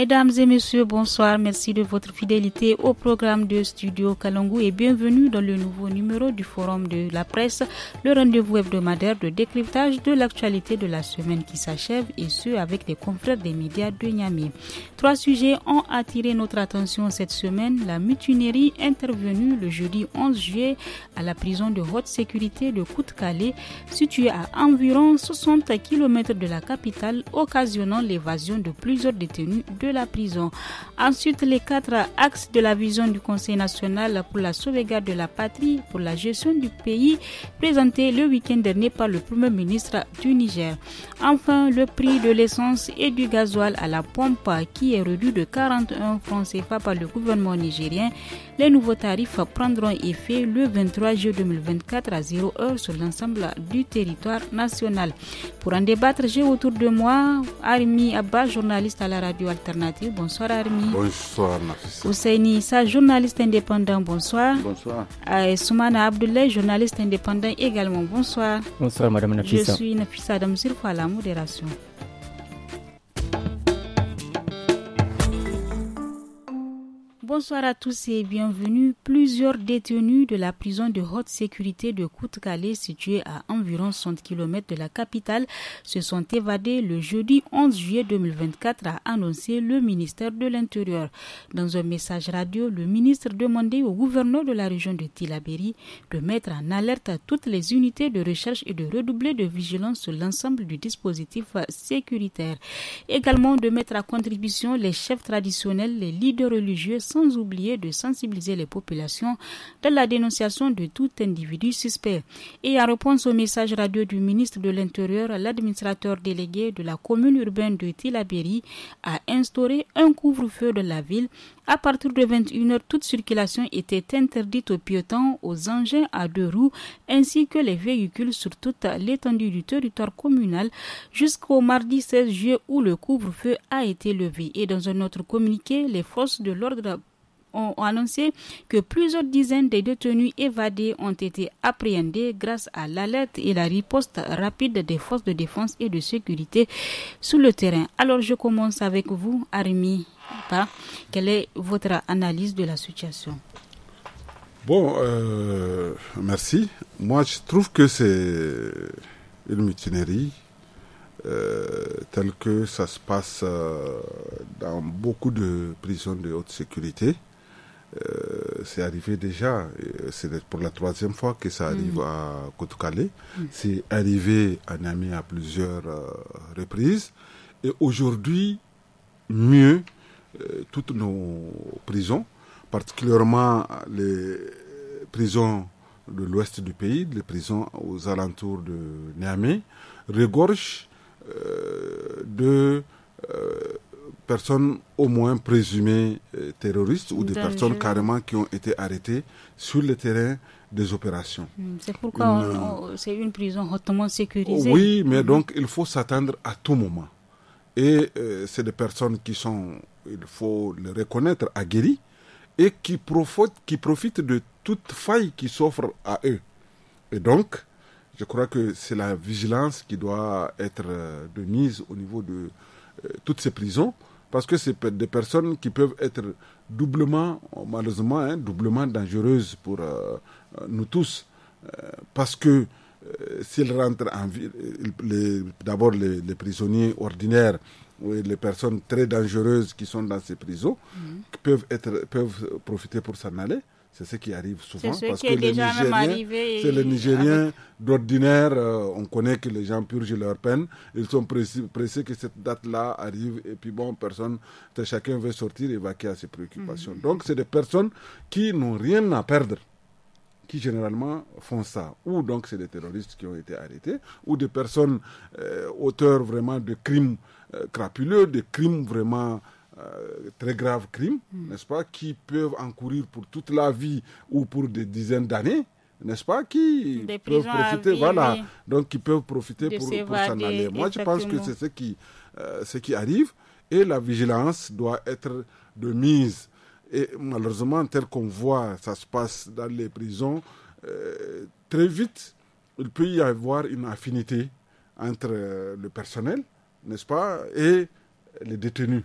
Mesdames et messieurs, bonsoir. Merci de votre fidélité au programme de Studio Kalangu et bienvenue dans le nouveau numéro du Forum de la presse, le rendez-vous hebdomadaire de décryptage de l'actualité de la semaine qui s'achève et ce avec des confrères des médias de Niami. Trois sujets ont attiré notre attention cette semaine. La mutinerie intervenue le jeudi 11 juillet à la prison de haute sécurité de Kout-Calais, située à environ 60 km de la capitale, occasionnant l'évasion de plusieurs détenus de la prison. Ensuite, les quatre axes de la vision du Conseil national pour la sauvegarde de la patrie, pour la gestion du pays, présentés le week-end dernier par le Premier ministre du Niger. Enfin, le prix de l'essence et du gasoil à la pompe qui est réduit de 41 francs CFA par le gouvernement nigérien les nouveaux tarifs prendront effet le 23 juillet 2024 à 0h sur l'ensemble du territoire national. Pour en débattre, j'ai autour de moi Armi Abba, journaliste à la radio alternative. Bonsoir Armi. Bonsoir Nafissa. Ousseini journaliste indépendant. Bonsoir. Bonsoir. Euh, Soumana Abdoulaye, journaliste indépendant également. Bonsoir. Bonsoir Madame Nafissa. Je suis Nafissa Adam Sirfa la modération. Bonsoir à tous et bienvenue. Plusieurs détenus de la prison de haute sécurité de côte calais située à environ 100 km de la capitale, se sont évadés le jeudi 11 juillet 2024, a annoncé le ministère de l'Intérieur. Dans un message radio, le ministre demandait au gouverneur de la région de Tilaberi de mettre en alerte toutes les unités de recherche et de redoubler de vigilance sur l'ensemble du dispositif sécuritaire. Également de mettre à contribution les chefs traditionnels, les leaders religieux, sans sans oublier de sensibiliser les populations dans la dénonciation de tout individu suspect. Et en réponse au message radio du ministre de l'Intérieur, l'administrateur délégué de la commune urbaine de Tilabéry a instauré un couvre-feu de la ville à partir de 21h, toute circulation était interdite aux piétons, aux engins à deux roues ainsi que les véhicules sur toute l'étendue du territoire communal jusqu'au mardi 16 juillet où le couvre-feu a été levé. Et dans un autre communiqué, les forces de l'ordre ont annoncé que plusieurs dizaines de détenus évadés ont été appréhendés grâce à l'alerte et la riposte rapide des forces de défense et de sécurité sur le terrain. Alors je commence avec vous, Armi. Quelle est votre analyse de la situation Bon, euh, merci. Moi, je trouve que c'est une mutinerie euh, telle que ça se passe euh, dans beaucoup de prisons de haute sécurité. Euh, c'est arrivé déjà, euh, c'est pour la troisième fois que ça arrive mm. à Côte-Calais. Mm. C'est arrivé à Niamey à plusieurs euh, reprises. Et aujourd'hui, mieux, toutes nos prisons, particulièrement les prisons de l'ouest du pays, les prisons aux alentours de Niamey, regorgent de personnes au moins présumées euh, terroristes ou des personnes carrément qui ont été arrêtées sur le terrain des opérations. Hmm, c'est pourquoi c'est une prison hautement sécurisée. Oui, mais hmm. donc il faut s'attendre à tout moment. Et euh, c'est des personnes qui sont, il faut le reconnaître, aguerries et qui profitent, qui profitent de toute faille qui s'offre à eux. Et donc, je crois que c'est la vigilance qui doit être euh, de mise au niveau de, euh, toutes ces prisons, parce que c'est des personnes qui peuvent être doublement, malheureusement, hein, doublement dangereuses pour euh, euh, nous tous, parce que s'ils rentrent en ville, d'abord les, prisonniers ordinaires, ou les personnes très dangereuses qui sont dans ces prisons, mmh. peuvent, peuvent profiter pour s'en aller. C'est ce qui arrive souvent. C'est parce que les Nigériens, C'est les Nigériens d'ordinaire, euh, on connaît que les gens purgent leur peine. Ils sont pressés, que cette date-là arrive. Et puis bon, personne, chacun veut sortir et vaquer à ses préoccupations. Mhm. Donc, c'est des personnes qui n'ont rien à perdre qui généralement font ça. Ou donc c'est des terroristes qui ont été arrêtés, ou des personnes euh, auteurs vraiment de crimes euh, crapuleux, de crimes vraiment euh, très graves crimes, hmm. n'est-ce pas, qui peuvent encourir pour toute la vie ou pour des dizaines d'années, n'est-ce pas, qui peuvent profiter, voilà, donc qui peuvent profiter pour, s'en aller. Moi, je pense que c'est ce qui, euh, ce qui arrive et la vigilance doit être de mise. Et malheureusement, tel qu'on voit, ça se passe dans les prisons, euh, très vite, il peut y avoir une affinité entre le personnel, n'est-ce pas, et les détenus.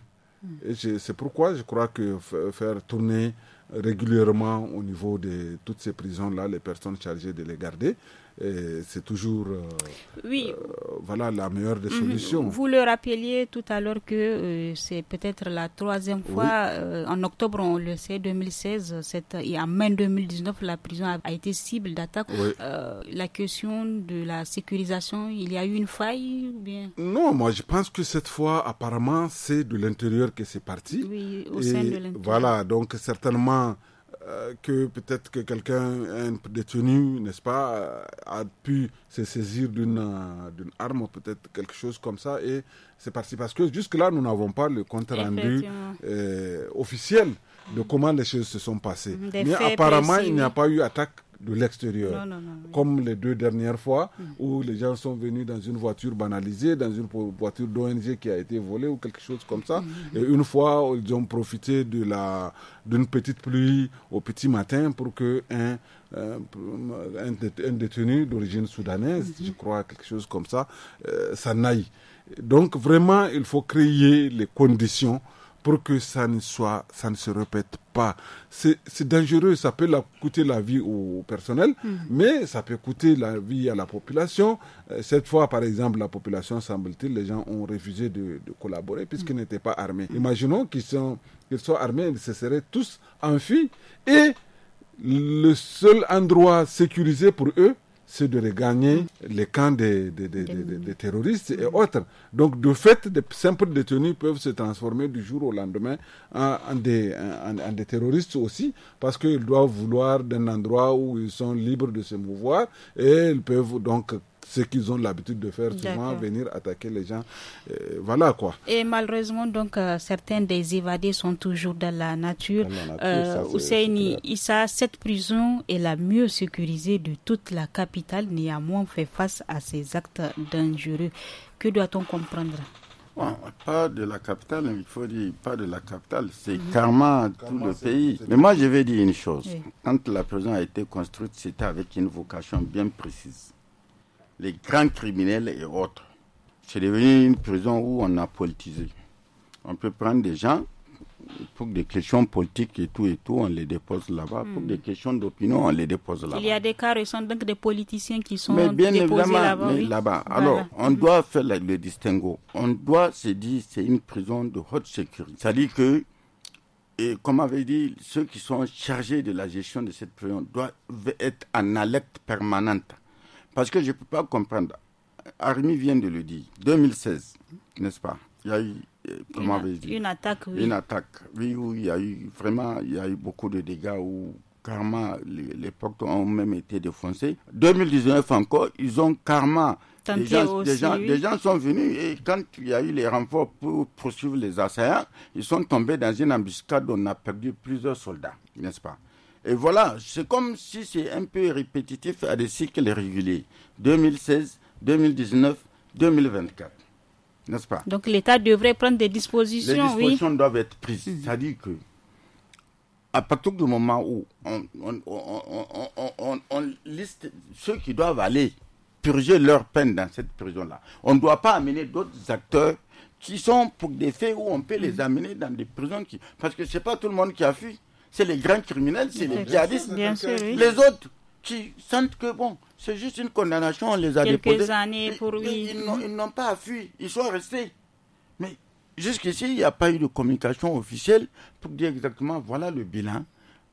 C'est pourquoi je crois que faire tourner régulièrement au niveau de toutes ces prisons-là les personnes chargées de les garder, c'est toujours euh, oui. Euh, voilà, la meilleure des mhm. solutions. Vous le rappeliez tout à l'heure que euh, c'est peut-être la troisième fois, en octobre, on le sait, 2016, et en mai 2019, la prison a, été cible d'attaque. la question de la sécurisation, il y a eu une faille bien Non, moi je pense que cette fois, apparemment, c'est de l'intérieur que c'est parti. Oui, au sein de l'intérieur. Voilà, donc certainement, euh, que peut-être que quelqu'un, un détenu, n'est-ce pas, euh, a pu se saisir d'une euh, arme, peut-être quelque chose comme ça. Et c'est parti parce que jusque-là, nous n'avons pas le compte rendu officiel de comment les choses se sont passées. Mais apparemment, il n'y a pas eu attaque de l'extérieur. Comme les deux dernières fois mm. où les gens sont venus dans une voiture banalisée, dans une voiture d'ONG qui a été volée ou quelque chose comme ça. Mm. Et une fois, ils ont profité de la d'une petite pluie au petit matin pour que un un détenu d'origine soudanaise, mm-hmm. je crois, quelque chose comme ça, euh, s'en aille. Donc vraiment, il faut créer les conditions pour que ça ne soit, ça ne se répète pas. C'est dangereux, ça peut coûter la vie au, personnel, mhm. mais ça peut coûter la vie à la population. Euh, cette fois, par exemple, la population, semble-t-il, les gens ont refusé de, collaborer puisqu'ils mhm. n'étaient pas armés. Mhm. Imaginons qu'ils sont, qu'ils soient armés, ils se seraient tous enfuis et le seul endroit sécurisé pour eux, c'est de regagner les camps des, des, des, des, terroristes et autres. Donc, de fait, des simples détenus peuvent se transformer du jour au lendemain en, des, en des, terroristes aussi, parce qu'ils doivent vouloir d'un endroit où ils sont libres de se mouvoir et ils peuvent donc ce qu'ils ont l'habitude de faire souvent, venir attaquer les gens. Euh, voilà quoi. Et malheureusement, donc, euh, certains des évadés sont toujours dans la nature. Dans euh, cette prison est la mieux sécurisée de toute la capitale, néanmoins fait face à ces actes dangereux. Que doit-on comprendre pas de la capitale, il faut dire pas de la capitale, c'est mmh. karma tout le pays. Mais moi, je vais dire une chose. Quand la prison a été construite, c'était avec une vocation bien précise les grands criminels et autres. C'est devenu une prison où on a politisé. On peut prendre des gens pour des questions politiques et tout et tout, on les dépose là-bas. Pour hmm. des questions d'opinion, on les dépose là-bas. Il y a des cas récents donc des politiciens qui sont déposés là-bas. Alors, on hmm. doit faire le, distinguo. On doit se dire c'est une prison de haute sécurité. C'est-à-dire que, et comme avait dit, ceux qui sont chargés de la gestion de cette prison doivent être en alerte permanente. Parce que je ne peux pas comprendre. Armi vient de le dire. 2016, n'est-ce pas Il y a eu, euh, une, attaque, oui. Une attaque, oui, où il y a eu vraiment il y a eu beaucoup de dégâts où carrément les, portes ont même été défoncées. 2019 encore, ils ont carrément des gens, gens, gens, sont venus et quand il y a eu les renforts pour poursuivre les assaillants, ils sont tombés dans une embuscade où on a perdu plusieurs soldats, n'est-ce pas et voilà, c'est comme si c'est un peu répétitif à des cycles réguliers. 2016, 2019, 2024. N'est-ce pas Donc l'État devrait prendre des dispositions. Les dispositions doivent être prises. Mhm. C'est-à-dire que à partir du moment où on, liste ceux qui doivent aller purger leur peine dans cette prison-là, on ne doit pas amener d'autres acteurs qui sont pour des faits où on peut les mhm. amener dans des prisons qui... Parce que ce n'est pas tout le monde qui a fui c'est les grands criminels, c'est les djihadistes. Les autres qui sentent que, bon, c'est juste une condamnation, on les a Quelques déposés. années pour Ils, n'ont pas fui, ils sont restés. Mais jusqu'ici, il n'y a pas eu de communication officielle pour dire exactement, voilà le bilan.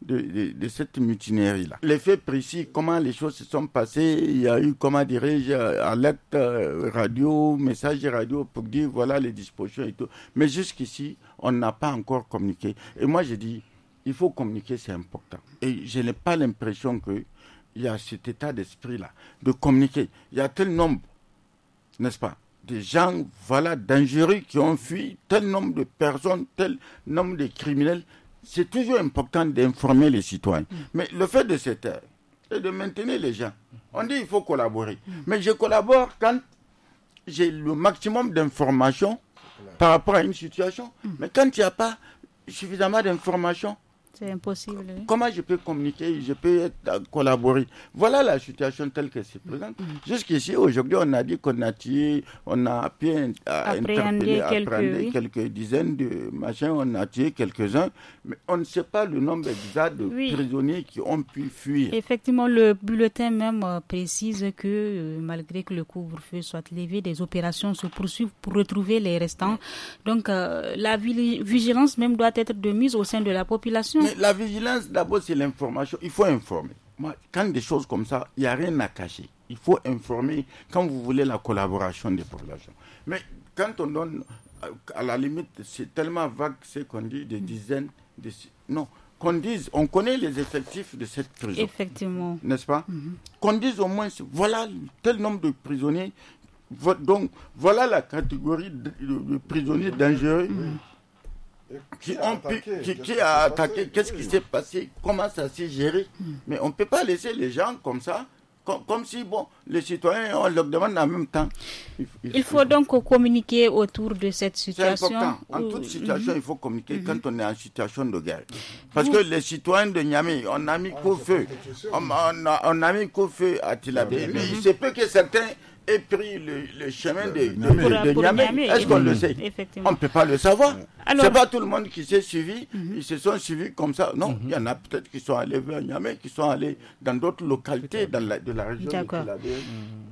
De, cette mutinerie-là. Les faits précis, comment les choses se sont passées, il y a eu, comment dirais-je, euh, alerte euh, radio, message radio pour dire voilà les dispositions et tout. Mais jusqu'ici, on n'a pas encore communiqué. Et moi, je dis. Il faut communiquer, c'est important. Et je n'ai pas l'impression qu'il y a cet état d'esprit-là, de communiquer. Il y a tel nombre, n'est-ce pas, de gens, voilà, dangereux qui ont fui, tel nombre de personnes, tel nombre de criminels. C'est toujours important d'informer les citoyens. Mm. Mais le fait de cette c'est de maintenir les gens. On dit il faut collaborer. Mm. Mais je collabore quand j'ai le maximum d'informations par rapport à une situation. Mm. Mais quand il n'y a pas suffisamment d'informations, c'est impossible. Comment je peux communiquer, je peux collaborer Voilà la situation telle qu'elle se présente. Mm. Jusqu'ici, aujourd'hui, on a dit qu'on a tué, on a pu quelques, quelques dizaines de machins, on a tué quelques-uns, mais on ne sait pas le nombre exact de prisonniers qui ont pu fuir. Effectivement, le bulletin même euh, précise que euh, malgré que le couvre-feu soit levé, des opérations se poursuivent pour retrouver les restants. Donc, euh, la vigilance même doit être de mise au sein de la population mais la vigilance, d'abord, c'est l'information. Il faut informer. quand des choses comme ça, il n'y a rien à cacher. Il faut informer quand vous voulez la collaboration des populations. Mais quand on donne, euh, à la limite, c'est tellement vague ce qu'on dit, des dizaines, de... non, qu'on dise, on connaît les effectifs de cette prison. Effectivement. N'est-ce pas mhm. Qu'on dise au moins, voilà tel nombre de prisonniers, donc voilà la catégorie de, prisonniers dangereux qui, ont pu, qui, a attaqué, qu'est-ce qui s'est passé, comment ça s'est géré. Hmm. Mais on ne peut pas laisser les gens comme ça, comme, si bon, les citoyens, on leur demande en même temps. Il, faut donc communiquer autour de cette situation. C'est important. En toute situation, mhm. il faut communiquer mhm. quand on est en situation de guerre. Mhm. Parce que les citoyens de Niamey, on a mis ah, feu. On, on, a, on, a, mis qu'au feu à Tilabé. Mais il se peut que certains et pris le, chemin de, Niamey. Est-ce qu'on le sait On ne peut pas le savoir. Ce n'est pas tout le monde qui s'est suivi. Mhm. Ils se sont suivis comme ça. Non, mhm. il y en a peut-être qui sont allés vers Niamey, qui sont allés dans d'autres localités dans de la région. D'accord. Mhm.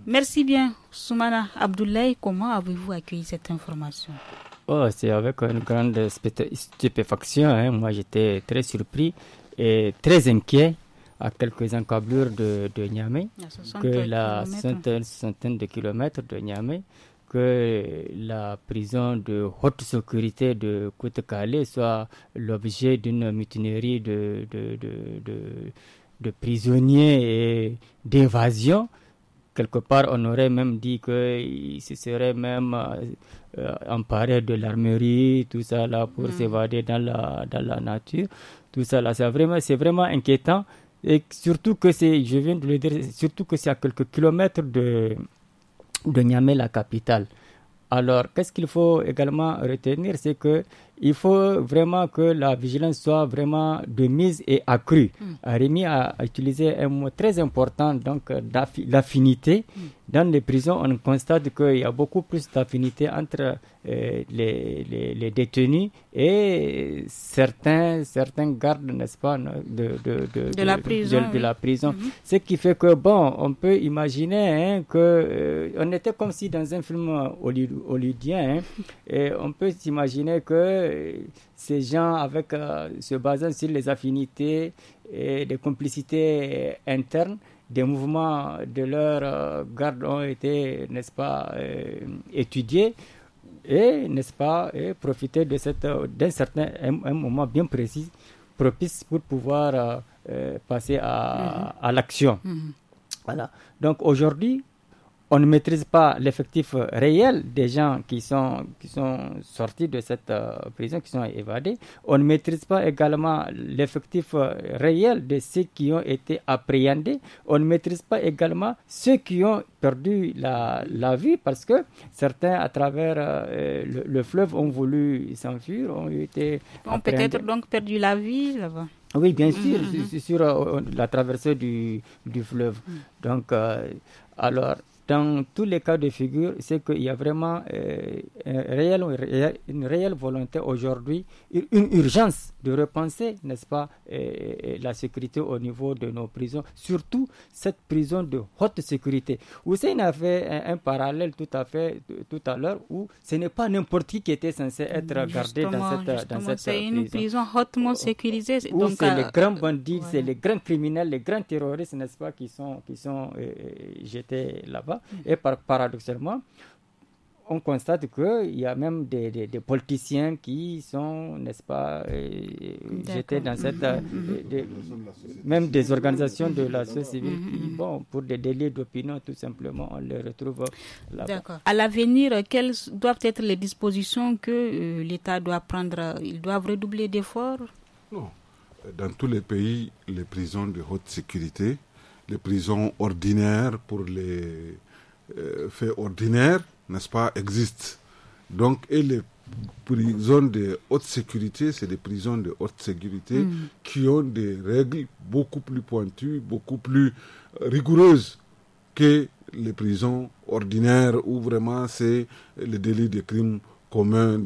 Merci bien. Soumana Abdoulaye, comment avez-vous accueilli cette information Oh, c'est avec une grande stupéfaction. Hein. Moi, j'étais très surpris et très inquiet à quelques encablures de, Niamey, que la centaine, de kilomètres de Niamey, que la prison de haute sécurité de Côte-Calais soit l'objet d'une mutinerie de, de, prisonniers et d'évasion. Quelque part, on aurait même dit qu'ils se seraient même euh, emparés de l'armerie, tout ça là, pour hmm. s'évader dans la, nature. Tout ça là, c'est vraiment, vraiment inquiétant. Et surtout que c'est, je viens de le dire, surtout que c'est à quelques kilomètres de, de Niamey, la capitale. Alors, qu'est-ce qu'il faut également retenir C'est que il faut vraiment que la vigilance soit vraiment de mise et accrue. Hmm. Euh, Rémi a utilisé un mot très important, donc l'affinité. Euh, hmm. Dans les prisons, on constate qu'il y a beaucoup plus d'affinité entre euh, les, détenus et certains, certains gardes, n'est-ce pas, de, de, de, de, la prison. La prison. Hmm. Ce qui fait que, bon, on peut imaginer hein, que on était comme si dans un film hollywoodien, hein, et on peut s'imaginer que euh, ces gens avec, ce euh, se basant sur les affinités et les complicités internes, des mouvements de leur euh, garde ont été, n'est-ce pas, étudiés et, n'est-ce pas, et profiter de cette, d'un certain moment bien précis propice pour pouvoir passer à, mhm. l'action. Mhm. Voilà. Donc aujourd'hui, on ne maîtrise pas l'effectif euh, réel des gens qui sont, qui sont sortis de cette euh, prison, qui sont évadés. On ne maîtrise pas également l'effectif euh, réel de ceux qui ont été appréhendés. On ne maîtrise pas également ceux qui ont perdu la, vie parce que certains, à travers le, fleuve, ont voulu s'enfuir, ont été. Ont peut-être donc perdu la vie là-bas. Oui, bien sûr, mm, mm, mm. sur, la traversée du, fleuve. Donc, alors, dans tous les cas de figure, c'est qu'il y a vraiment euh, une réelle volonté aujourd'hui, une urgence de repenser, n'est-ce pas, la sécurité au niveau de nos prisons, surtout cette prison de haute sécurité. Hussein a fait un, parallèle tout à fait tout à l'heure où ce n'est pas n'importe qui qui était censé être mm, gardé dans cette, dans cette prison. C'est une prison hautement sécurisée. Où donc, c'est les euh, grands bandits, c'est les grands criminels, les grands terroristes, n'est-ce pas, qui sont, qui sont euh, euh, jetés là-bas. Mm. Et par, paradoxalement, on constate qu'il y a même des, politiciens qui sont, n'est-ce pas, euh, euh, j'étais dans cette. Euh, mm-hmm. même des organisations de la société civile mm-hmm. bon, pour des délits d'opinion, tout simplement, on les retrouve là À l'avenir, quelles doivent être les dispositions que l'État doit prendre Ils doivent redoubler d'efforts Non. Dans tous les pays, les prisons de haute sécurité, les prisons ordinaires pour les faits ordinaires, n'est-ce pas, existe. Donc, et les prisons de haute sécurité, c'est des prisons de haute sécurité mm. qui ont des règles beaucoup plus pointues, beaucoup plus euh, rigoureuses que les prisons ordinaires où vraiment c'est le délit de crime commun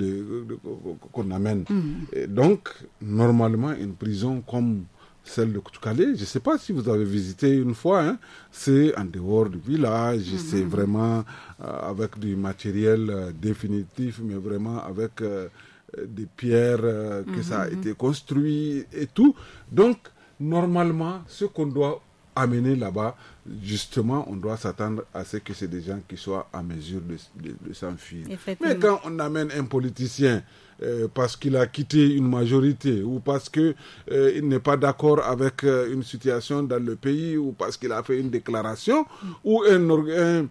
qu'on amène. Mm. donc, normalement, une prison comme celle de Koutoukale, je ne sais pas si vous avez visité une fois, hein. c'est en dehors du village, mhm. c'est vraiment euh, avec du matériel euh, définitif, mais vraiment avec euh, des pierres que ça a mhm. été construit et tout. Donc, normalement, ce qu'on doit amener là-bas, justement, on doit s'attendre à ce que c'est des gens qui soient à mesure de, de, s'enfuir. Mais quand on amène un politicien euh, parce qu'il a quitté une majorité ou parce qu'il euh, il n'est pas d'accord avec euh, une situation dans le pays ou parce qu'il a fait une déclaration mm. ou un, un,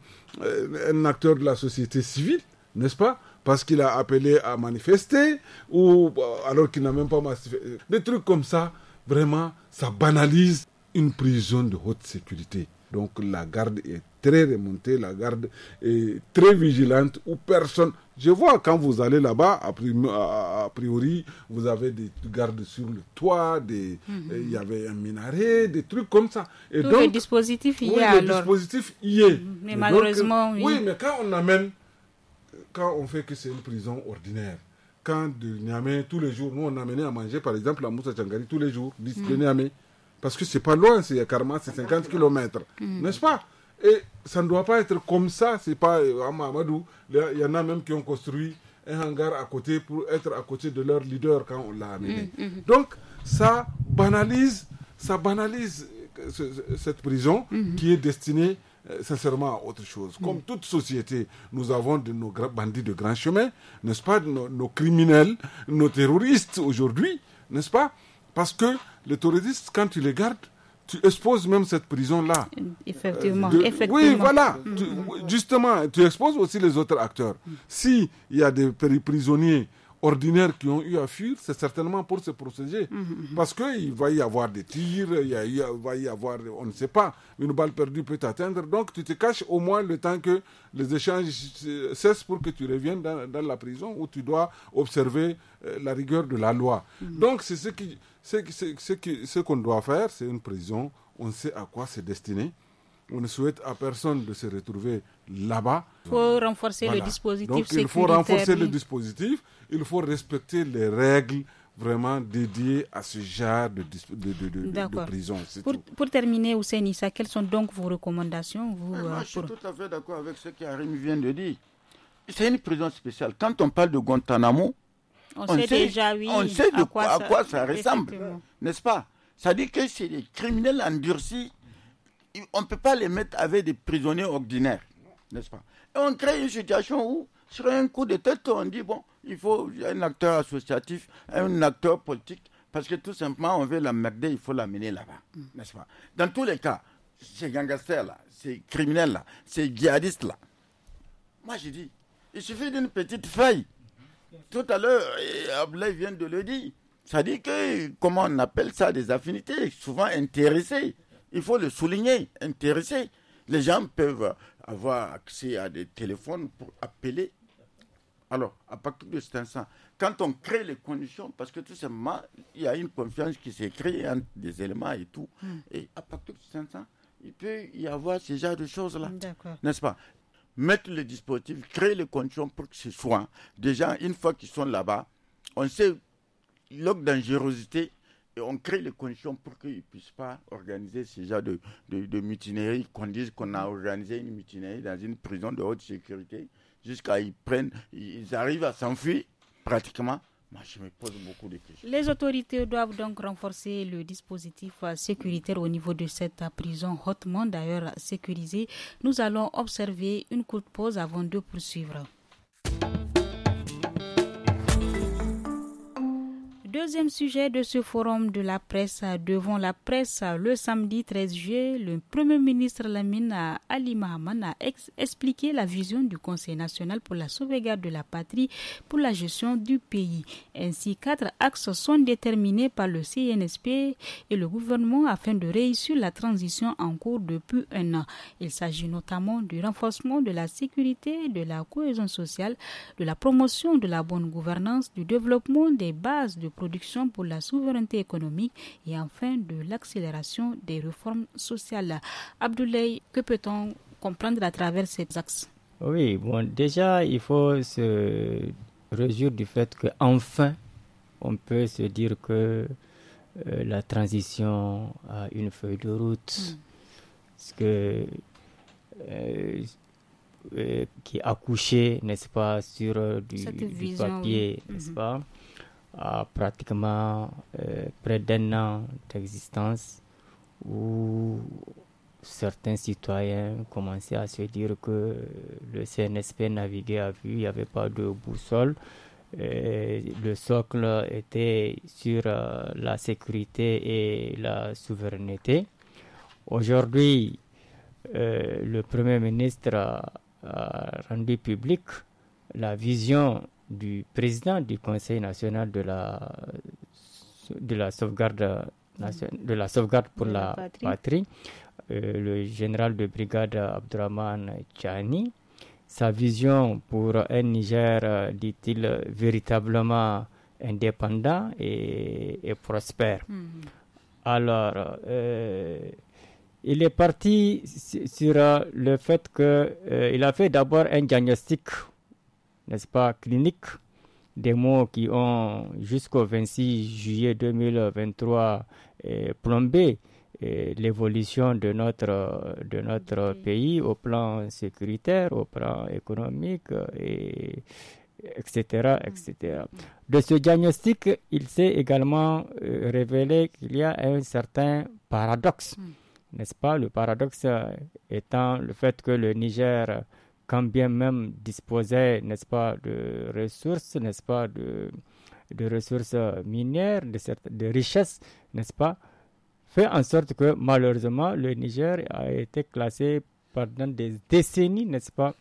un acteur de la société civile, n'est-ce pas parce qu'il a appelé à manifester ou alors qu'il n'a même pas manifesté. Des trucs comme ça, vraiment, ça banalise une prison de haute sécurité. Donc la garde est très remontée, la garde est très vigilante où personne. Je vois quand vous allez là-bas, a priori, vous avez des gardes sur le toit, des, mhm. il y avait un minaret, des trucs comme ça. Et donc, le dispositif y oui, est. Le alors. y est. Mhm. Mais malheureusement, oui. mais quand on amène, quand on fait que c'est une prison ordinaire, quand de Niamey, tous les jours, nous on amenait à manger, par exemple, à Moussa Tchangari, tous les jours, 10 parce que c'est pas loin, c'est Karma, c'est 50 km. Hmm. N'est-ce pas Et ça ne doit pas être comme ça. C'est pas euh, à Il y en a même qui ont construit un hangar à côté pour être à côté de leur leader quand on l'a amené. Hmm, hmm, Donc, ça banalise, ça banalise euh, cette prison qui est destinée euh, sincèrement à autre chose. Comme toute société, nous avons de nos bandits de grand chemin, n'est-ce pas, nos criminels, nos terroristes aujourd'hui, n'est-ce pas parce que les touristes, quand tu les gardes, tu exposes même cette prison-là. Effectivement, euh, effectivement, Oui, voilà. Mm. justement, tu exposes aussi les autres acteurs. S'il y a des prisonniers ordinaires qui ont eu à fuir, c'est certainement pour ce protéger. Mmh, mmh, mmh. parce que Parce qu'il va y avoir des tirs, il, va y avoir, on ne sait pas, une balle perdue peut t'atteindre. Donc tu te caches au moins le temps que les échanges cessent pour que tu reviennes dans, la prison où tu dois observer euh, la rigueur de la loi. Donc c'est ce qu'on ce qu'on doit faire, c'est une prison, on sait à quoi c'est destiné on ne souhaite à personne de se retrouver là-bas. Il faut renforcer le dispositif. il faut renforcer le dispositif, il faut respecter les règles vraiment dédiées à ce genre de, prison. Pour, pour, terminer, Hussein Issa, quelles sont donc vos recommandations vous, ah, euh, Je suis tout à fait d'accord avec ce qu'Arim vient de dire. C'est une prison spéciale. Quand on parle de Guantanamo, on, sait, déjà à, quoi, ça, à quoi ça ressemble, n'est-ce pas Ça dit que c'est des criminels endurcis on ne peut pas les mettre avec des prisonniers ordinaires, n'est-ce pas Et on crée une situation où, sur un coup de tête, on dit, bon, il faut un acteur associatif, un acteur politique, parce que tout simplement, on veut la merder, il faut l'amener là-bas, mm. n'est-ce pas Dans tous les cas, ces gangsters-là, ces criminels-là, ces djihadistes-là, moi je dis, il suffit d'une petite faille. Tout à l'heure, eh, Ablaï vient de le dire. Ça dit que, comment on appelle ça, des affinités, souvent intéressées. Il faut le souligner, intéresser. Les gens peuvent avoir accès à des téléphones pour appeler. Alors, à partir de cet instant, quand on crée les conditions, parce que tout simplement, il y a une confiance qui s'est créée entre des éléments et tout, hmm. et à partir de cet instant, il peut y avoir ce genre de choses-là. N'est-ce pas Mettre le dispositif, créer les conditions pour que ce soit. Déjà, une fois qu'ils sont là-bas, on sait leur dangerosité, et on crée les conditions pour qu'ils ne puissent pas organiser ce genre de, de, mutinerie, qu'on dise qu'on a organisé une mutinerie dans une prison de haute sécurité, jusqu'à ils prennent, ils arrivent à s'enfuir pratiquement. Moi, je me pose beaucoup de questions. Les autorités doivent donc renforcer le dispositif sécuritaire au niveau de cette prison hautement d'ailleurs sécurisée. Nous allons observer une courte pause avant de poursuivre. deuxième sujet de ce forum de la presse. Devant la presse, le samedi 13 juillet, le Premier ministre Lamine Ali Mahaman a expliqué la vision du Conseil national pour la sauvegarde de la patrie pour la gestion du pays. Ainsi, quatre axes sont déterminés par le CNSP et le gouvernement afin de réussir la transition en cours depuis un an. Il s'agit notamment du renforcement de la sécurité, de la cohésion sociale, de la promotion de la bonne gouvernance, du développement des bases de production pour la souveraineté économique et enfin de l'accélération des réformes sociales. Abdoulaye, que peut-on comprendre à travers ces axes Oui, bon, déjà, il faut se résoudre du fait qu'enfin, on peut se dire que euh, la transition a une feuille de route. Mm. ce que. Euh, euh, qui accouchait, n'est-ce pas, sur du, papier, n'est-ce mm-hmm. pas a pratiquement euh, près d'un an d'existence où certains citoyens commençaient à se dire que le CNSP naviguait à vue, il n'y avait pas de boussole. Euh, le socle était sur euh, la sécurité et la souveraineté. Aujourd'hui, le Premier ministre a rendu public la vision du président du Conseil national de la, de la sauvegarde de la sauvegarde pour la, patrie, euh, le général de brigade Abdurrahman Chani. Sa vision pour un Niger, euh, dit-il, véritablement indépendant et, prospère. Hmm. Alors, euh, il est parti sur le fait qu'il a fait d'abord un diagnostic n'est-ce pas, clinique, des mots qui ont jusqu'au 26 juillet 2023 eh, plombé eh, l'évolution de notre, de notre pays au plan sécuritaire, au plan économique, eh, et, etc. etc. Mm. De ce diagnostic, il s'est également euh, révélé qu'il y a un certain paradoxe, mm. n'est-ce pas Le paradoxe étant le fait que le Niger quand bien même disposait, n'est-ce pas, de ressources, n'est-ce pas, de, de, ressources minières, de, de richesses, n'est-ce pas, fait en sorte que malheureusement le Niger a été classé pendant des décennies, n'est-ce pas,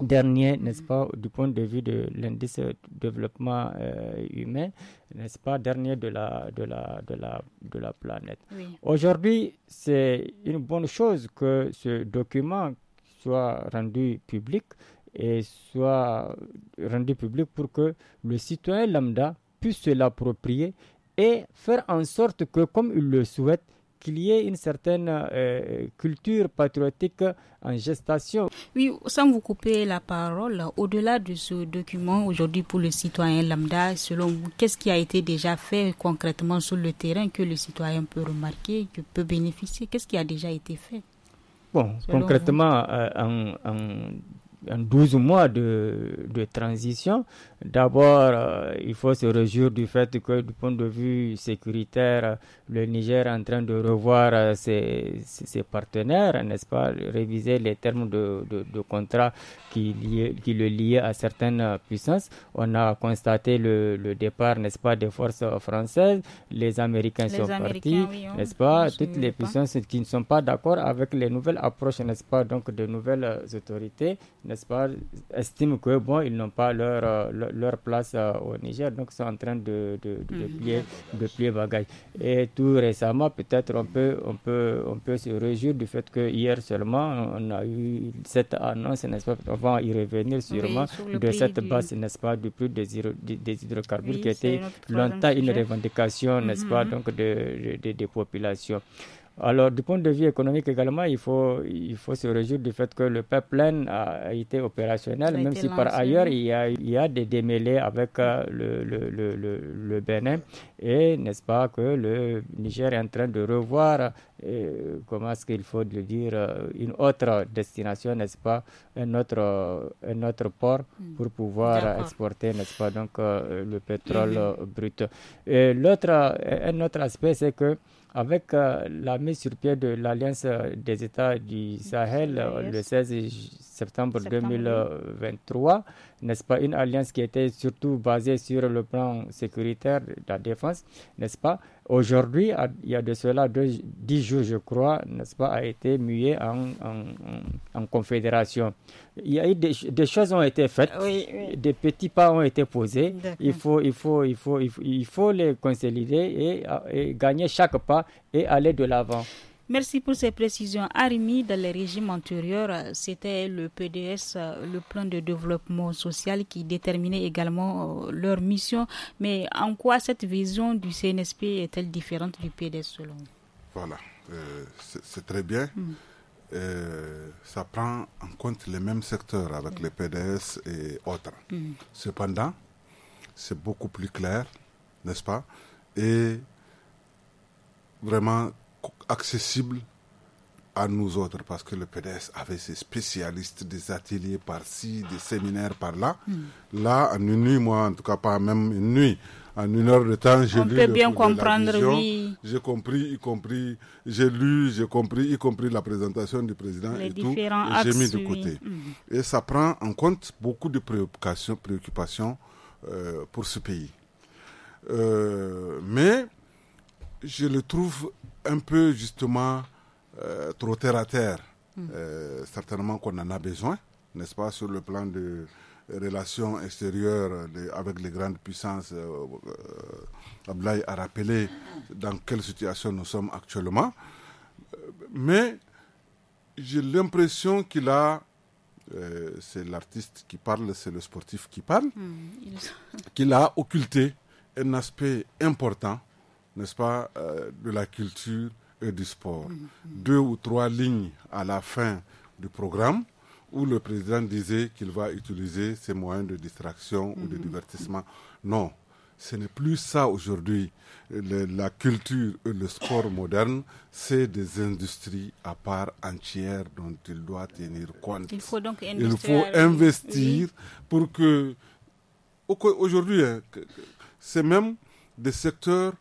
dernier, n'est-ce pas, du point de vue de l'indice développement euh, humain, n'est-ce pas, dernier de la, de la, de la, de la planète. Aujourd'hui, c'est une bonne chose que ce document soit rendu public et soit rendu public pour que le citoyen lambda puisse se l'approprier et faire en sorte que, comme il le souhaite, qu'il y ait une certaine euh, culture patriotique en gestation. Oui, sans vous couper la parole, au-delà de ce document aujourd'hui pour le citoyen lambda, selon vous, qu'est-ce qui a été déjà fait concrètement sur le terrain que le citoyen peut remarquer, que peut bénéficier Qu'est-ce qui a déjà été fait Bon, concrètement, hein. euh, en, 12 mois de, de transition, D'abord, euh, il faut se réjouir du fait que du point de vue sécuritaire, le Niger est en train de revoir euh, ses, partenaires, n'est-ce pas, réviser les termes de, contrat qui, qui, le liaient à certaines puissances. On a constaté le, départ, n'est-ce pas, des forces françaises. Les Américains sont partis, hein. n'est-ce pas Toutes les puissances qui ne sont pas d'accord avec les nouvelles approches, n'est-ce pas, donc de nouvelles euh, autorités, n'est-ce pas, estiment que, bon, ils n'ont pas leur leur place euh, au Niger, donc sont en train de, de, mhm. plier, de plier Et tout récemment, peut-être on peut, on, peut, on peut se réjouir du fait que hier seulement, on a eu cette annonce, n'est-ce pas On va y revenir sûrement de cette base, n'est-ce pas, du prix des, hydrocarbures qui était longtemps une revendication, n'est-ce pas, mhm. donc de, des populations. Alors, du point de vue économique également, il faut, il faut se réjouir du fait que le pipeline a été opérationnel, même si par ailleurs il y, a, des démêlés avec euh, le, le, le, le Bénin. Et n'est-ce pas que le Niger est en train de revoir euh, comment est-ce qu'il faut le dire, euh, une autre destination, n'est-ce pas, un autre, un autre port hmm. pour pouvoir exporter, n'est-ce pas, donc euh, le pétrole mhm. brut. L'autre, un autre aspect, c'est que avec la mise sur pied de l'Alliance des États du Sahel le 16 septembre, septembre. 2023, n'est-ce pas, une alliance qui était surtout basée sur le plan sécuritaire de la défense, n'est-ce pas, Aujourd'hui, il y a de cela 10 dix jours, je crois, n'est-ce pas, a été mué en, confédération. Il y a eu des, choses ont été faites, des petits pas ont été posés. Il faut, il faut, il faut, il faut, les consolider et gagner chaque pas et aller de l'avant. Merci pour ces précisions. Arimi, dans les régimes antérieurs, c'était le PDS, le plan de développement social, qui déterminait également euh, leur mission. Mais en quoi cette vision du CNSP est-elle différente du PDS selon vous Voilà, euh, c'est très bien. Hmm. Euh, ça prend en compte les mêmes secteurs avec hmm. le PDS et autres. Hmm. Cependant, c'est beaucoup plus clair, n'est-ce pas Et vraiment accessible à nous autres parce que le PDS avait ses spécialistes, des ateliers par-ci, des séminaires par-là. Hmm. Là, en une nuit, moi, en tout cas pas même une nuit, en une heure de temps, j'ai lu. On peut bien comprendre, oui. J'ai compris, y compris, j'ai lu, j'ai compris, y compris la présentation du président et tout. J'ai mis de côté. Hmm. Et ça prend en compte beaucoup de préoccupations, préoccupations euh, pour ce pays. Euh, mais je le trouve un peu justement euh, trop terre à terre. Hmm. Euh, certainement qu'on en a besoin, n'est-ce pas, sur le plan de relations extérieures avec les grandes puissances. Euh, euh Ablaï a rappelé dans quelle situation nous sommes actuellement. Mais j'ai l'impression qu'il a, c'est l'artiste qui parle, c'est le sportif qui parle, hmm, qu'il a occulté un aspect important n'est-ce pas, euh, de la culture et du sport. Deux ou trois lignes à la fin du programme où le président disait qu'il va utiliser ses moyens de distraction ou de mhm. divertissement. Non, ce n'est plus ça aujourd'hui. La culture et le sport moderne, c'est des industries à part entière dont il doit tenir compte. Il faut donc investir pour que... Aujourd'hui, hein, c'est même des secteurs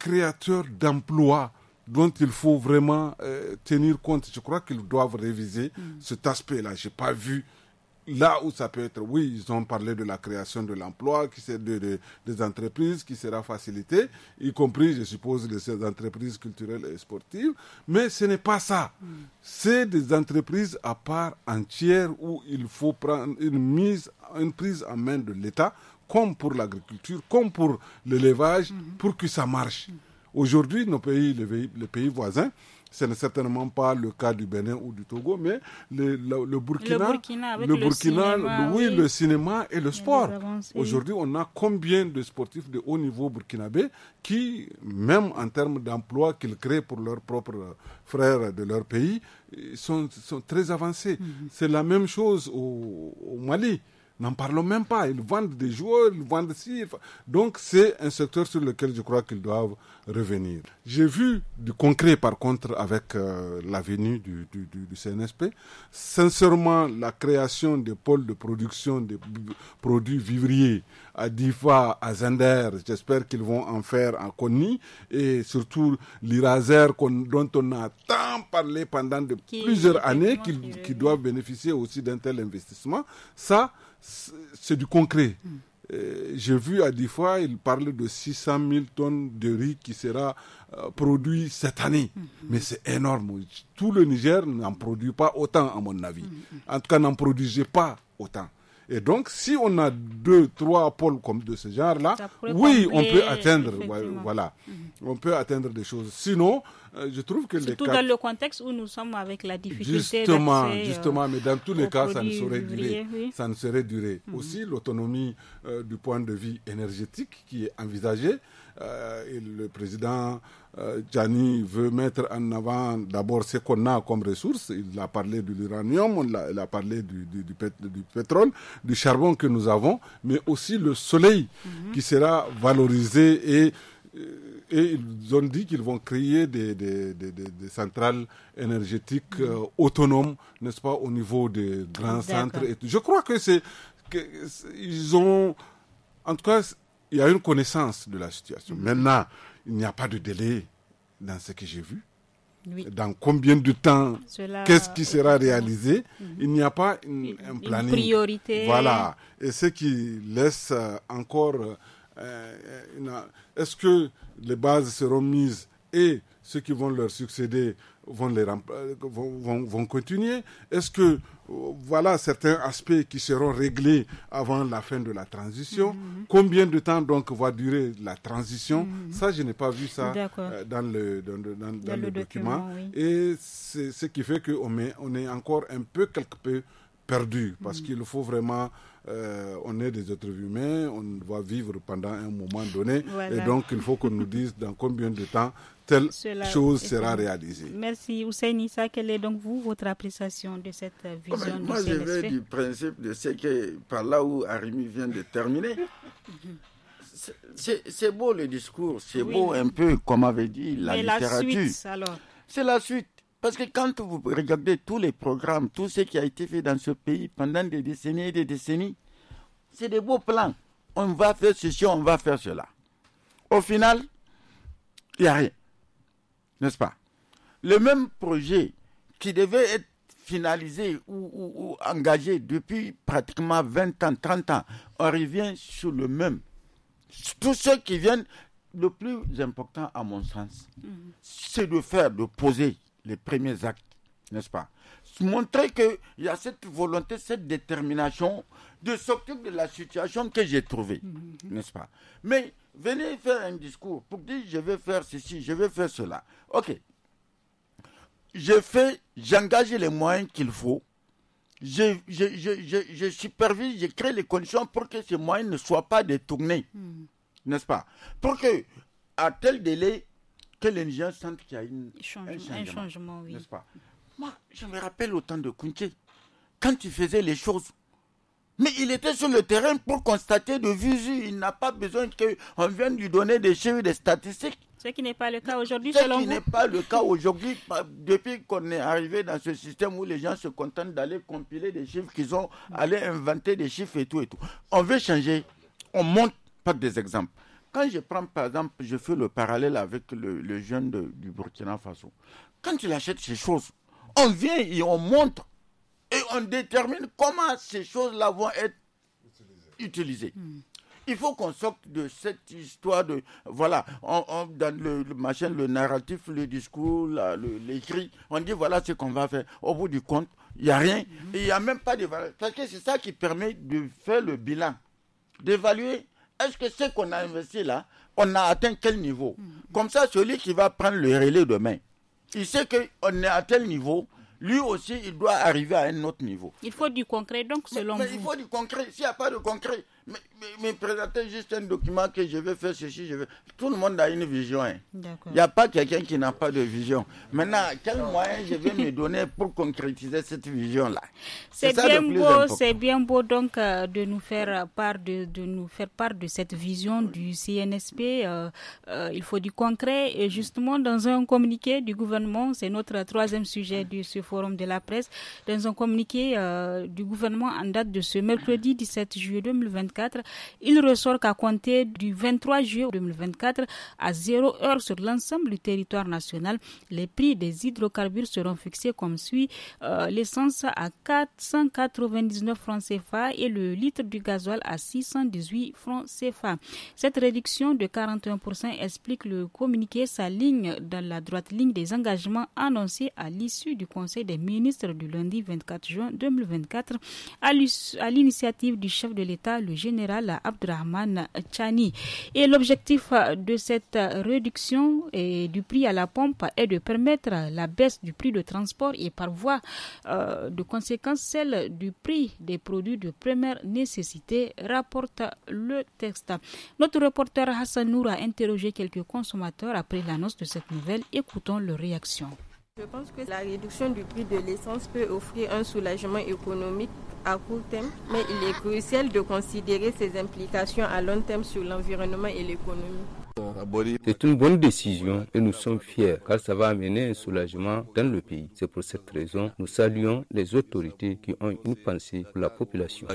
créateurs d'emplois dont il faut vraiment euh, tenir compte. Je crois qu'ils doivent réviser mm. cet aspect-là. Je n'ai pas vu là où ça peut être. Oui, ils ont parlé de la création de l'emploi, qui c'est des entreprises qui sera facilitée, y compris, je suppose, les entreprises culturelles et sportives. Mais ce n'est pas ça. Mm. C'est des entreprises à part entière où il faut prendre une mise, une prise en main de l'État comme pour l'agriculture, comme pour l'élevage, mhm. pour que ça marche. Aujourd'hui, nos pays, les pays, voisins, ce n'est certainement pas le cas du Bénin ou du Togo, mais le, Burkina, le Burkina, oui, le cinéma et le sport. Aujourd'hui, on a combien de sportifs de haut niveau burkinabé qui, même en termes d'emploi qu'ils créent pour leurs propres frères de leur pays, sont, très avancés. Mhm. C'est la même chose au Mali. N'en parlons même pas. Ils vendent des joueurs, ils vendent ci. Donc c'est un secteur sur lequel je crois qu'ils doivent revenir. J'ai vu du concret par contre avec euh, la venue du, du, CNSP. Sincèrement, la création des pôles de production des produits vivriers à Difa, à Zender, j'espère qu'ils vont en faire en connu et surtout l'Iraser dont on a tant parlé pendant de plusieurs années, qui, qui doivent bénéficier aussi d'un tel investissement. Ça, c'est du concret. Hmm. Euh, j'ai vu à des fois, il parlait de 600 000 tonnes de riz qui sera euh, produit cette année. Hmm. Mais c'est énorme. Tout le Niger n'en produit pas autant, à mon avis. Hmm. En tout cas, n'en produisait pas autant. Et donc, si on a deux, trois pôles comme de ce genre-là, oui, on peut atteindre, voilà, mhm. on peut atteindre des choses. Sinon, euh, je trouve que les cas... dans le contexte où nous sommes avec la difficulté. Justement, euh, justement, mais dans tous les cas, ça ne saurait durer. Ça ne serait duré. Aussi, l'autonomie euh, du point de vue énergétique qui est envisagée. Euh, et le président euh, Gianni veut mettre en avant d'abord ce qu'on a comme ressources. Il a parlé de l'uranium, il, a parlé du, du, pétrole, du charbon que nous avons, mais aussi le soleil mhm. qui sera valorisé et euh, et ils ont dit qu'ils vont créer des, des, centrales énergétiques mhm. autonomes, n'est-ce pas, au niveau des grands centres. Et Je crois que c'est, ils ont, en tout cas, il y a une connaissance de la situation. Mm-hmm. Maintenant, il n'y a pas de délai dans ce que j'ai vu. Dans combien de temps, qu'est-ce qui sera réalisé mm-hmm. Il n'y a pas un planning. Une priorité. Voilà. Et ce qui laisse euh, encore. Euh, est-ce que les bases seront mises et ceux qui vont leur succéder vont, les vont continuer Est-ce que voilà certains aspects qui seront réglés avant la fin de la transition. Mhm. Combien de temps donc va durer la transition mhm. Ça, je n'ai pas vu ça euh, dans le, le, document. Et c'est ce qui fait qu'on on est encore un peu quelque peu perdu parce mm. qu'il faut vraiment euh, on est des êtres humains, on doit vivre pendant un moment donné et donc il faut qu'on nous dise dans combien de temps telle chose sera réalisée. Merci Ousseini, ça, quelle est donc vous votre appréciation de cette vision Moi je vais du principe de ce que par là où Arimi vient de terminer. C'est beau le discours, c'est beau un peu comme avait dit la Mais littérature. C'est la suite. Parce que quand vous regardez tous les programmes, tout ce qui a été fait dans ce pays pendant des décennies et des décennies, c'est des beaux plans. On va faire ceci, on va faire cela. Au final, il n'y a rien. N'est-ce pas Le même projet qui devait être finalisé ou, engagé depuis pratiquement 20 ans, 30 ans, on revient sur le même. Tous ceux qui viennent, le plus important à mon sens, mm-hmm. c'est de faire, de poser les premiers actes, n'est-ce pas Montrer qu'il y a cette volonté, cette détermination de sortir de la situation que j'ai trouvée, mhm. n'est-ce pas Mais venez faire un discours pour dire je vais faire ceci, je vais faire cela. Ok. Je fais, j'engage les moyens qu'il faut. Je, je, supervise, je crée les conditions pour que ces moyens ne soient pas détournés. Mhm. N'est-ce pas Pour que, à tel délai, que les gens sentent qu'il y a un changement. N'est-ce pas Moi, je me rappelle au temps de Kunche, quand il faisait les choses, mais il était sur le terrain pour constater de visu. Il n'a pas besoin qu'on vienne lui donner des chiffres, des statistiques. Ce qui n'est pas le cas aujourd'hui, selon vous. Ce qui n'est pas le cas aujourd'hui, bah, depuis qu'on est arrivé dans ce système où les gens se contentent d'aller compiler des chiffres qu'ils ont, mm. aller inventer des chiffres et tout et tout. On veut changer. On monte pas des exemples. Quand je prends, par exemple, je fais le parallèle avec le, jeune du Burkina Faso. Quand il achète ces choses, on vient et on montre et on détermine comment ces choses-là vont être utilisées. Hmm. Il faut qu'on sorte de cette histoire de voilà, on, dans le, machin, le narratif, le discours, l'écrit, on dit voilà ce qu'on va faire. Au bout du compte, il n'y a rien, hmm. il n'y a même pas de valeur. Parce que c'est ça qui permet de faire le bilan, d'évaluer est-ce que ce qu'on a investi là, on a atteint quel niveau Comme ça, celui qui va prendre le relais demain, il sait qu'on est à tel niveau, lui aussi, il doit arriver à un autre niveau. Il faut du concret, donc, selon mais vous. Il faut du concret. S'il n'y a pas de concret, mais, présenter juste un document que je vais faire ceci, je Tout le monde a une vision. Hein. Il n'y a pas quelqu'un qui n'a pas de vision. Maintenant, quel moyen je vais me donner pour concrétiser cette vision-là C'est bien beau, bien beau donc euh, de nous faire part de, nous faire part de cette vision du CNSP. Euh, euh, il faut du concret et justement dans un communiqué du gouvernement, c'est notre troisième sujet de ce forum de la presse, dans un communiqué du gouvernement en date de ce mercredi 17 juillet 2021, il ressort qu'à compter du 23 juillet 2024 à 0 heure sur l'ensemble du territoire national, les prix des hydrocarbures seront fixés comme suit. Euh, l'essence à 499 francs CFA et le litre du gasoil à 618 francs CFA. Cette réduction de 41% explique le communiqué sa ligne dans la droite ligne des engagements annoncés à l'issue du Conseil des ministres du lundi 24 juin 2024 à l'initiative du chef de l'État, le général Abdrahman Chani. Et l'objectif de cette réduction du prix à la pompe est de permettre la baisse du prix de transport et par voie euh, de conséquence celle du prix des produits de première nécessité, rapporte le texte. Notre reporter Hassan Nour a interrogé quelques consommateurs après l'annonce de cette nouvelle. Écoutons leur réaction. Je pense que la réduction du prix de l'essence peut offrir un soulagement économique à court terme, mais il est crucial de considérer ses implications à long terme sur l'environnement et l'économie. C'est une bonne décision et nous sommes fiers car ça va amener un soulagement dans le pays. C'est pour cette raison nous saluons les autorités qui ont une pensée pour la population.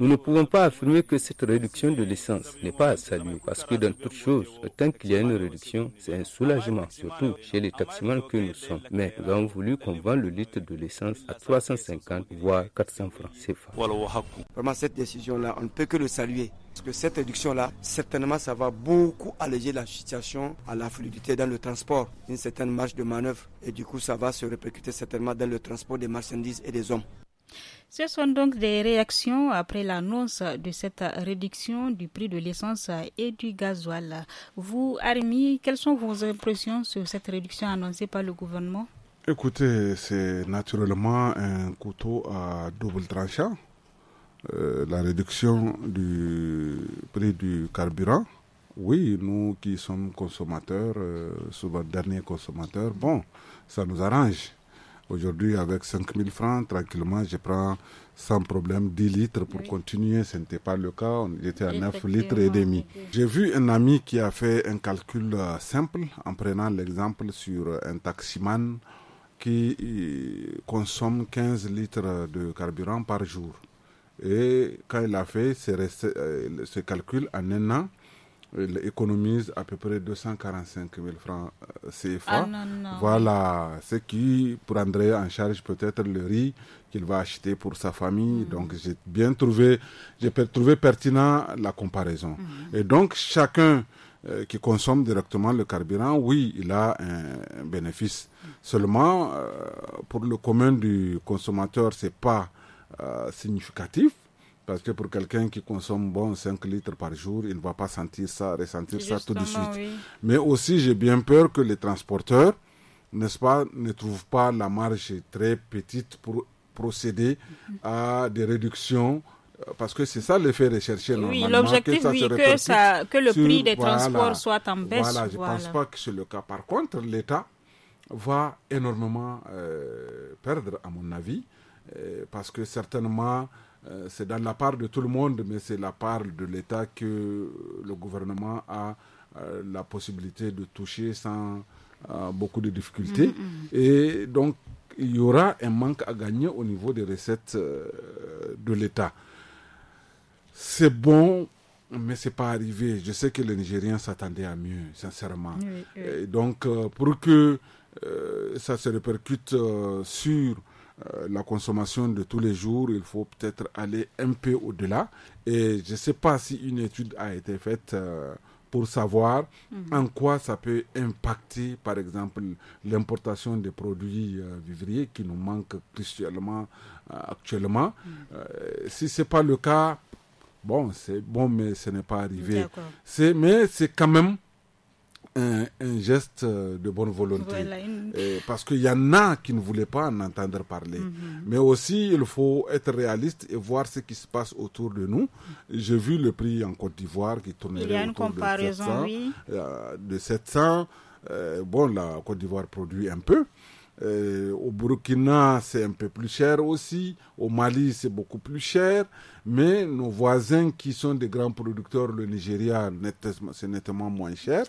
Nous ne pouvons pas affirmer que cette réduction de l'essence n'est pas à saluer parce que dans toute chose, tant qu'il y a une réduction, c'est un soulagement, surtout chez les taximans que nous sommes. Mais nous avons voulu qu'on vende le litre de l'essence à 350 voire 400 francs C'est CFA. Vraiment cette décision-là, on ne peut que le saluer. Parce que cette réduction-là, certainement, ça va beaucoup alléger la situation à la fluidité dans le transport, une certaine marge de manœuvre. Et du coup, ça va se répercuter certainement dans le transport des marchandises et des hommes. Ce sont donc des réactions après l'annonce de cette réduction du prix de l'essence et du gasoil. Vous, Armi, quelles sont vos impressions sur cette réduction annoncée par le gouvernement Écoutez, c'est naturellement un couteau à double tranchant euh, la réduction du prix du carburant, oui, nous qui sommes consommateurs, euh, souvent derniers consommateurs, bon, ça nous arrange. Aujourd'hui, avec 5000 francs, tranquillement, je prends sans problème 10 litres pour continuer. Ce n'était pas le cas. j'étais était à 9 litres et demi. J'ai vu un ami qui a fait un calcul euh, simple en prenant l'exemple sur un taximan qui consomme 15 litres de carburant par jour. Et quand il a fait ce, euh, calcul en un an, il économise à peu près 245 000 francs euh, CFA. Ah voilà, ce qui prendrait en charge peut-être le riz qu'il va acheter pour sa famille. Mm. Donc j'ai bien trouvé, j'ai trouvé pertinent la comparaison. Mm. Et donc chacun euh, qui consomme directement le carburant, oui, il a un, bénéfice. Mm. Seulement, pour le commun du consommateur, c'est pas euh, significatif. Parce que pour quelqu'un qui consomme bon 5 litres par jour, il ne va pas sentir ça, ressentir ça tout de suite. Mais aussi, j'ai bien peur que les transporteurs, n'est-ce pas, ne trouvent pas la marge très petite pour procéder à des réductions euh, parce que c'est ça l'effet recherché l'objectif, que, que, ça, que le prix des transports soit en baisse. Voilà, je ne pense pas que c'est le cas. Par contre, l'État va énormément euh, perdre, à mon avis, euh, parce que certainement, euh, c'est dans la part de tout le monde, mais c'est la part de l'État que le gouvernement a euh, la possibilité de toucher sans beaucoup de difficultés. Mm, mm, mm. Et donc, il y aura un manque à gagner au niveau des recettes de l'État. C'est bon, mais c'est pas arrivé. Je sais que les Nigériens s'attendaient à mieux, sincèrement. donc, pour que ça se répercute sur euh, la consommation de tous les jours, il faut peut-être aller un peu au-delà. Et je ne sais pas si une étude a été faite euh, pour savoir mhm. en quoi ça peut impacter, par exemple, l'importation des produits euh, vivriers qui nous manquent actuellement. actuellement. Mhm. si ce n'est pas le cas, bon, c'est bon, mais ce n'est pas arrivé. Mais c'est quand même un, geste euh, de bonne volonté. Euh, parce qu'il y en a qui ne voulaient pas en entendre parler. Mhm. Mais aussi, il faut être réaliste et voir ce qui se passe autour de nous. J'ai vu le prix en Côte d'Ivoire qui tournerait il y a une comparaison, euh, de 700. Oui. de 700. bon, la Côte d'Ivoire produit un peu. Euh, au Burkina, c'est un peu plus cher aussi. Au Mali, c'est beaucoup plus cher. Mais nos voisins qui sont des grands producteurs, le Nigeria, c'est nettement moins cher.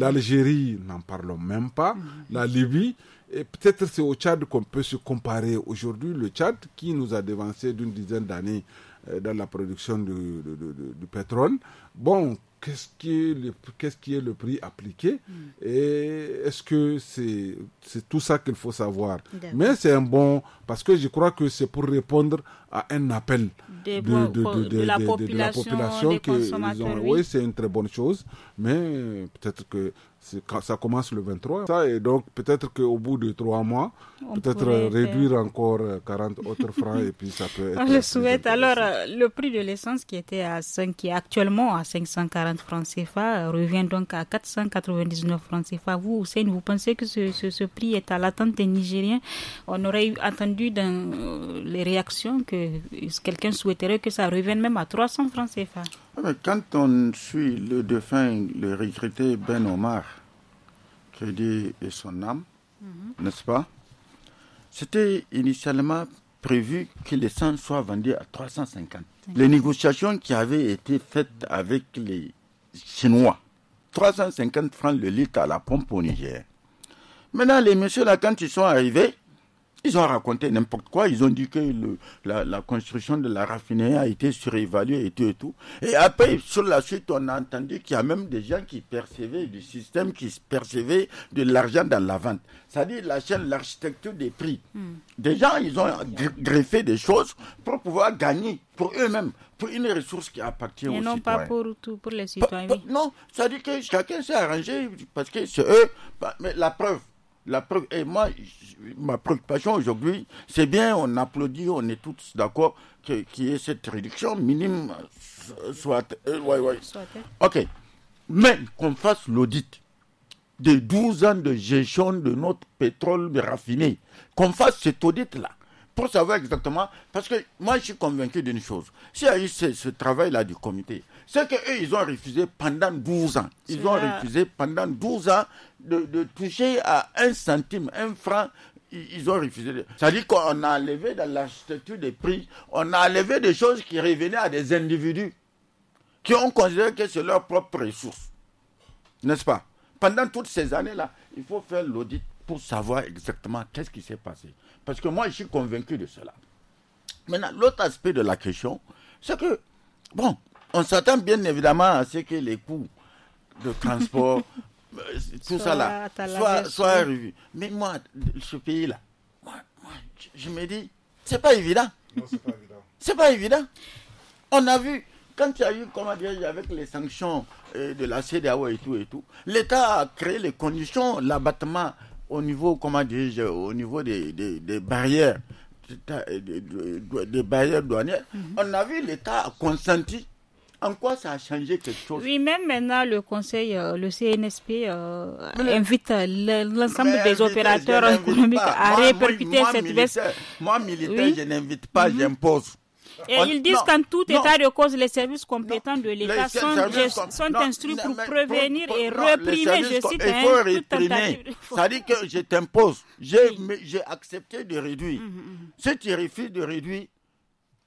L'Algérie, n'en parlons même pas. Mm-hmm. La Libye. Et peut-être c'est au Tchad qu'on peut se comparer aujourd'hui. Le Tchad, qui nous a dévancé d'une dizaine d'années euh, dans la production du, du pétrole. Bon, qu'est-ce qui, qui, est le prix appliqué mm. et est-ce que c'est c'est tout ça qu'il faut savoir. Mais c'est un bon, parce que je crois que c'est pour répondre à un appel de, de, de, la population. oui c'est une très bonne chose, mais peut-être que ça commence le 23. Ça, et donc, peut-être qu'au bout de trois mois, peut-être réduire encore 40 euh, autres francs et puis ça peut être. On le souhaite. Alors, euh, le prix de l'essence qui était à 5, qui est actuellement à 540 francs CFA, euh, revient donc à 499 francs CFA. Vous, Hussein, vous pensez que ce, prix est à l'attente des Nigériens On aurait attendu dans les réactions que quelqu'un souhaiterait que ça revienne même à 300 francs CFA. Euh, quand on suit le défunt, le regretté Ben Omar, dit et son âme, mhm. n'est-ce pas C'était initialement prévu que les sang soient vendus à 350. Les négociations qui avaient été faites avec les Chinois, 350 francs le litre à la pompe au Niger. Maintenant, les messieurs, là, quand ils sont arrivés, ils ont raconté n'importe quoi. Ils ont dit que la, construction de la raffinerie a été surévaluée et tout et tout. Et après, sur la suite, on a entendu qu'il y a même des gens qui percevaient du système, qui percevaient de l'argent dans la vente. C'est-à-dire la chaîne, l'architecture des prix. Hmm. Des gens, ils ont greffé des choses pour pouvoir gagner pour eux-mêmes, pour une ressource qui appartient et aux Et non pas pour tout, pour les citoyens. Non, cest non, ça dit que chacun s'est arrangé parce que c'est eux. Bah, mais la preuve, et moi, ma préoccupation aujourd'hui, c'est bien, on applaudit, on est tous d'accord qu'il y ait cette réduction minime, euh, soit. Euh, ok. Mais qu'on fasse l'audit des 12 ans de gestion de notre pétrole raffiné, qu'on fasse cet audit-là pour savoir exactement, parce que moi je suis convaincu d'une chose, s'il y a eu ce, travail-là du comité, c'est qu'eux, ils ont refusé pendant 12 ans, ils ont refusé pendant 12 ans de, toucher à un centime, un franc, ils, ont refusé. Ça dit dire qu'on a enlevé dans la structure des prix, on a enlevé des choses qui revenaient à des individus qui ont considéré que c'est leur propre ressource. N'est-ce pas Pendant toutes ces années-là, il faut faire l'audit savoir exactement qu'est-ce qui s'est passé. Parce que moi, je suis convaincu de cela. Maintenant, l'autre aspect de la question, c'est que, bon, on s'attend bien évidemment à ce que les coûts de transport, euh, tout ça là, soit, soit revus. Mais moi, ce pays-là, je, me dis, c'est pas évident. Non, c'est pas évident. On a vu, quand il y a eu, comment dire, avec les sanctions euh, de la CDAO et tout et tout, l'État a créé les conditions, l'abattement au niveau, comment dire, au niveau des, des, barrières, euh, des, barrières douanières, mhm. on a vu l'État a consenti. En quoi ça a changé quelque chose Oui, même maintenant, le Conseil, euh, le CNSP euh, invite l'ensemble des opérateurs économiques à répercuter cette baisse. Moi, militaire, je n'invite pas, mhm. j'impose. Et ils disent qu'en tout état de cause, les services compétents de l'État sont, instruits pour prévenir et réprimer, je cite, il faut réprimer. Ça dit que je t'impose. J'ai accepté de réduire. Hum, hum, hum. Si tu refuses de réduire,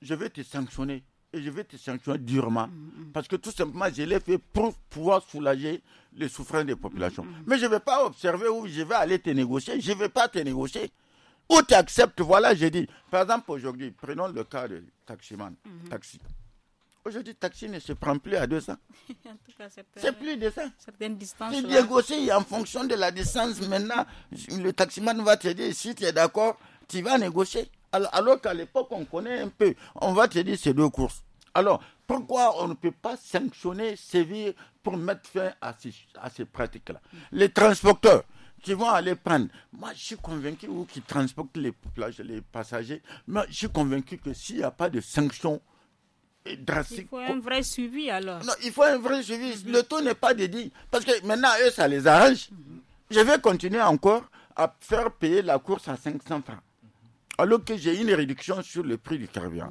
je vais te sanctionner. Et je vais te sanctionner durement. Parce que tout simplement, je l'ai fait pour pouvoir soulager les souffrances des populations. Mais je ne vais pas observer où je vais aller te négocier. Je ne vais pas te négocier ou tu acceptes, voilà, j'ai dit. Par exemple, aujourd'hui, prenons le cas de taximan, mhm. taxi. Aujourd'hui, taxi ne se prend plus à 200. c'est plus de ça. Certaines distances. Tu négocies en fonction de la distance. Maintenant, le taximan va te dire, si tu es d'accord, tu vas négocier. Alors, qu'à l'époque, on connaît un peu. On va te dire, ces deux courses. Alors, pourquoi on ne peut pas sanctionner, sévir pour mettre fin à ces, à ces pratiques-là mhm. Les transporteurs, qui vont aller prendre. Moi, je suis convaincu, ou qui transportent les, les passagers, mais je suis convaincu que s'il n'y a pas de sanctions drastiques. Il faut un vrai suivi alors. Non, il faut un vrai suivi. Mhm. Le taux n'est pas dédié. Parce que maintenant, eux, ça les arrange. Mhm. Je vais continuer encore à faire payer la course à 500 francs alors que j'ai une réduction sur le prix du carburant.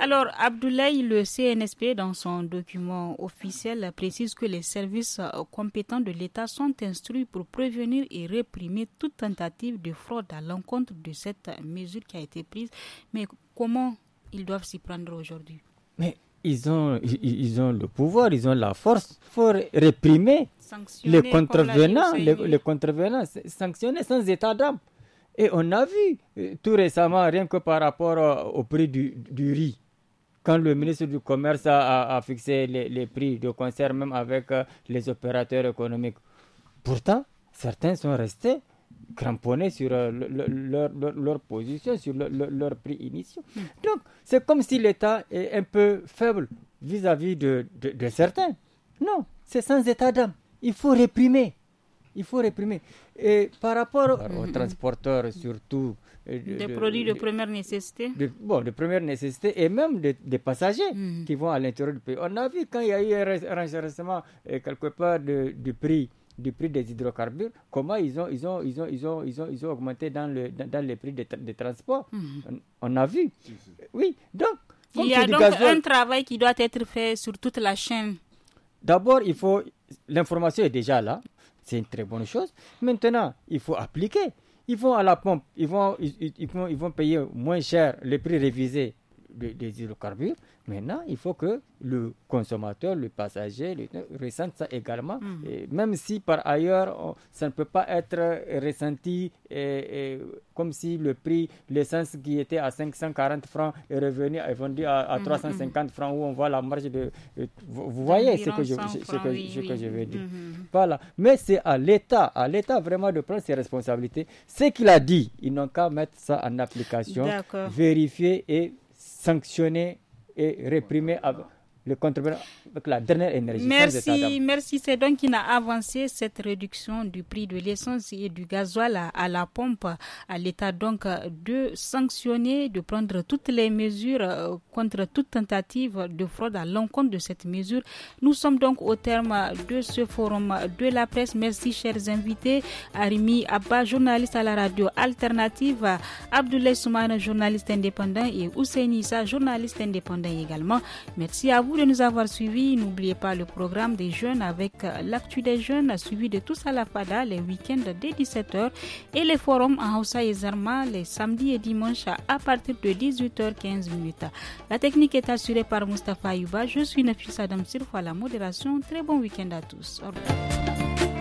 Alors, Abdoulaye, le CNSP, dans son document officiel, précise que les services compétents de l'État sont instruits pour prévenir et réprimer toute tentative de fraude à l'encontre de cette mesure qui a été prise. Mais comment ils doivent s'y prendre aujourd'hui Mais ils ont, ils ont le pouvoir, ils ont la force. pour réprimer les contrevenants, les, les contrevenants, sanctionner sans état d'âme. Et on a vu euh, tout récemment, rien que par rapport au prix du, riz, quand le ministre du Commerce a, fixé les, prix de concert, même avec euh, les opérateurs économiques. Pourtant, certains sont restés cramponnés sur euh, leur, position, sur leur prix initiaux. Donc, c'est comme si l'État est un peu faible vis-à-vis de, de, de certains. Non, c'est sans état d'âme. Il faut réprimer il faut réprimer. Et par rapport aux transporteurs, surtout. Euh, des produits de, première nécessité Bon, de première nécessité et même des passagers hmm. qui vont à l'intérieur du pays. On a vu quand il y a eu un renchérissement euh, quelque part du prix du prix des hydrocarbures, comment ils ont, ils ont, ils ont, ils ont, ils ont, ils ont augmenté dans, le, dans, les prix des, transports. Hmm. On, a vu. Oui, donc. Il y a donc un travail qui doit être fait sur toute la chaîne. D'abord, il faut. L'information est déjà là. C'est une très bonne chose. Maintenant, il faut appliquer. Ils vont à la pompe, ils vont, ils, vont, payer moins cher les prix révisés des, hydrocarbures. Maintenant, il faut que le consommateur, le passager, le, ressente ça également, mm. même si par ailleurs, ça ne peut pas être euh, ressenti comme si le prix, l'essence qui était à 540 francs est revenu, est vendu à, 350 mm, mm, francs où on voit la marge de... vous, voyez ce que je, que, veux dire. Voilà. Mais c'est à l'État, à l'État vraiment de prendre ses responsabilités. Ce qu'il a dit, ils n'ont qu'à mettre ça en application, vérifier et sanctionner et réprimer le avec la dernière énergie. Merci, merci. C'est donc qui a avancé cette réduction du prix de l'essence et du gasoil à, la pompe à l'État donc de sanctionner, de prendre toutes les mesures euh, contre toute tentative de fraude à l'encontre de cette mesure. Nous sommes donc au terme de ce forum de la presse. Merci chers invités. Arimi Abba, journaliste à la radio alternative, Abdoulaye Soumane, journaliste indépendant et Hussein Nissa, journaliste indépendant également. Merci à vous de nous avoir suivis. N'oubliez pas le programme des jeunes avec euh, l'actu des jeunes suivi de tous à la FADA les week-ends dès 17h et les forums en Hausa et Zarma les samedis et dimanches à partir de 18h15. La technique est assurée par Mustapha Yuba. Je suis Nafisa Adam Sirfo à la modération. Très bon week-end à tous. Au revoir.